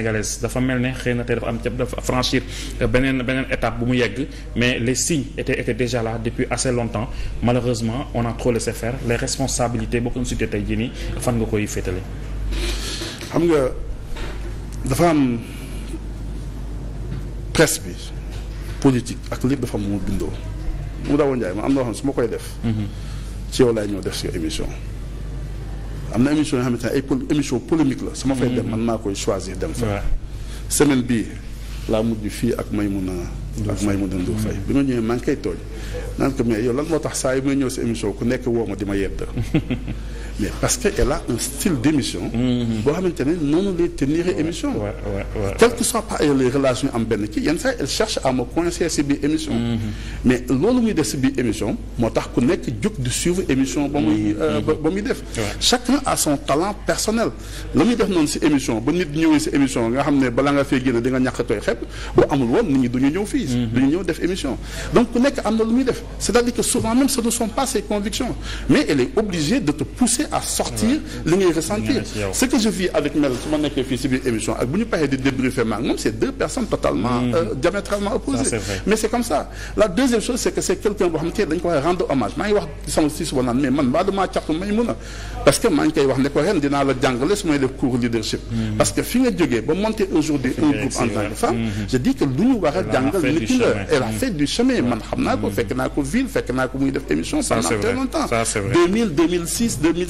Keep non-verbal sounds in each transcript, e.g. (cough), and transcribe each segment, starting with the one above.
sénégalaise dafa mel ne xëy na te dafa am ca dafa franchir euh, beneen beneen état bu mu yegg mais les signes étaient étaient déjà là depuis assez longtemps malheureusement on a trop laissé faire les responsabilités boo ko cité tey jii nii fan nga koy féetale. xam nga dafa am presse bi politique ak lépp dafa am mu bindoo mu daawoon Ndiaye ma am na loo xam su ma koy def. Mm-hmm. ci yow laay def si émission. am na émission yoo xamante ne ay émission polémique la. su ma fay dem mhm. man maa koy choisir dem fa. semaine bii laa mujj fii ak Maymuna ak na Ndour Faye mhm. bi ma ñëwee maa ngi koy tooñ naan ko mais yow lan moo tax saa yu may ñëw si émission ku nekk woo ma di ma yedd (laughs) mais parce que elle a un style d'émission mhm. boo xamante ne noonu lay tenir émission quel que soit par ailleurs les am benn kii yenn saa elle cherche à me coincer si biir émission mhm. mais loolu muy def si biir émission moo tax ku nekk jóg di suivre émission ba muy mhm. euh, ba muy def chacun a son talent personnel la muy def noonu si émission ba nit ñëwee si émission nga xam ne balaa nga fee génn di nga ñàkk tooy xepp bu amul woon nit ñi du ñu ñëw fii du ñu ñëw def émission de te pousser à li ngay ressentir ce que je vis avec Mel su ma nekkee fii si biir émission ak bu ñu paree di débriefer maag moom c'est deux personnes totalement mm. euh, diamétralement opposées mais c'est comme ça la deuxième chose c'est quelqu'un boo xam te dañ ko war a rendre hommage maa ngi wax sama si suba mais man mbaa damaa cartu may mun parce que maa ngi koy wax ne ko ren la jàngale su may def cours leadership mm-hmm. parce que fi nga jógee ba monter aujourd'hui un groupe en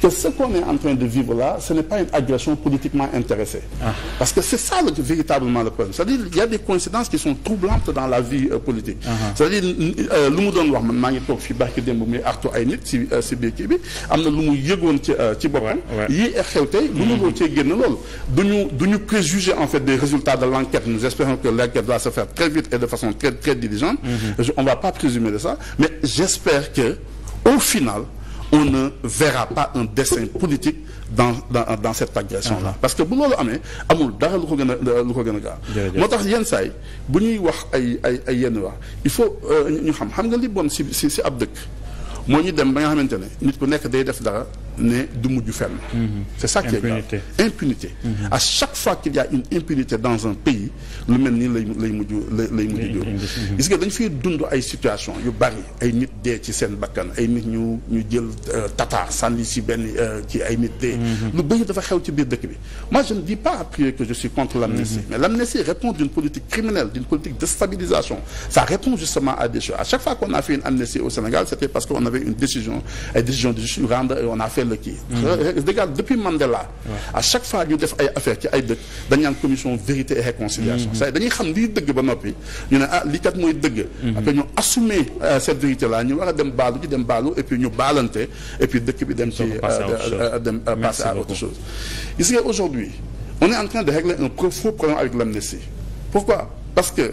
que ce qu'on est en train de vivre là ce n'est pas une agression politiquement intéressée ah. parce que c'est ça véritablement le problème c'est-à-dire il y a des coïncidences qui sont troublantes dans la vie euh, politique ah, ah. c'est-à-dire euh, lu mu doon wax man maa ngi toog fi barki démb muy artu ay nit si si euh, biir kii bi am na lu mu yëgoon ci ci boppam yii xew tey lu mu doon cee génn loolu duñu duñu préjuger en fait des résultats de l'enquête nous espérons que l'enquête va se faire très vite et de façon très mm-hmm. mais j'espère que au on ne verra pas un dessin politique dans dans dans cette agression la ah. parce que bu loolu amee amul dara lu ko gën a lu ko gën a gaaw moo tax yenn saay bu ñuy wax ay ay ay yenn waa il faut euh, ñu xam xam nga li bon si si si ab dëkk moo ñu dem ba nga xamante ne nit ko nekk day def dara ne du mujj fenn. Mhm. c'est ça qui mhm. y a une impunité dans un pays lu mel nii lay lay mujj lay mujj jóg. Mhm. gis nga dañ fiy dund ay situation yu bari ay nit de ci seen bakkan ay nit ñu ñu jël euh, tata sànni si benn ci euh, ay nit dee. lu bëri dafa xew ci biir dëkk bi moi je ne dis pas a priori que je suis contre l'amnistie mais l'amnistie répond d'une politique criminelle d'une politique de stabilisation répond justement à des choses à chaque fois qu'on a fait une amnistie au Sénégal c'était parce qu'on avait la kii. regarde mmh. depuis Mandela. à chaque fois ñu def ay affaire ci ay dëkk dañ naan commission vérité et réconciliation. Mmh. c'est dañuy xam liy dëgg ba noppi ñu ne ah lii kat mooy dëgg. Mmh. après ñu assumer euh, cette vérité là ñu war a dem baalu ci dem baalu et puis ñu et dëkk bi dem ci. dem euh, à autre euh, chose. gis nga aujourd'hui on est en train de régler un faux problème avec l'amnistie pourquoi parce que.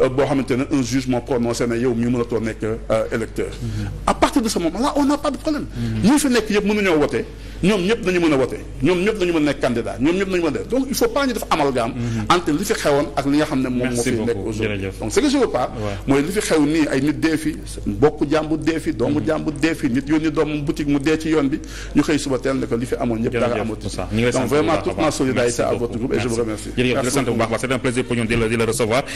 Euh, boo xamante ne un jugement prononcé na yow mi mënatoo nekk euh, électeur à partir de ce moment là on n'a pas de problème mm-hmm. ñii fi nekk yëpp mënuñoo wote ñoom ñëpp nañu mën a wote ñoom ñëpp nañu mën a nekk candidat ñoom ñëpp nañu mën a def donc il faut pas ñu def amalgame mm-hmm. entre li fi xewoon ak li nga xam ne moom moo fi nekk aujourd'hui donc ce que je pas mooy li fi xew nii ay nit dee bokk jàmbur dee fi doomu mm-hmm. jàmbur dee fi nit yoon bi ñu xëy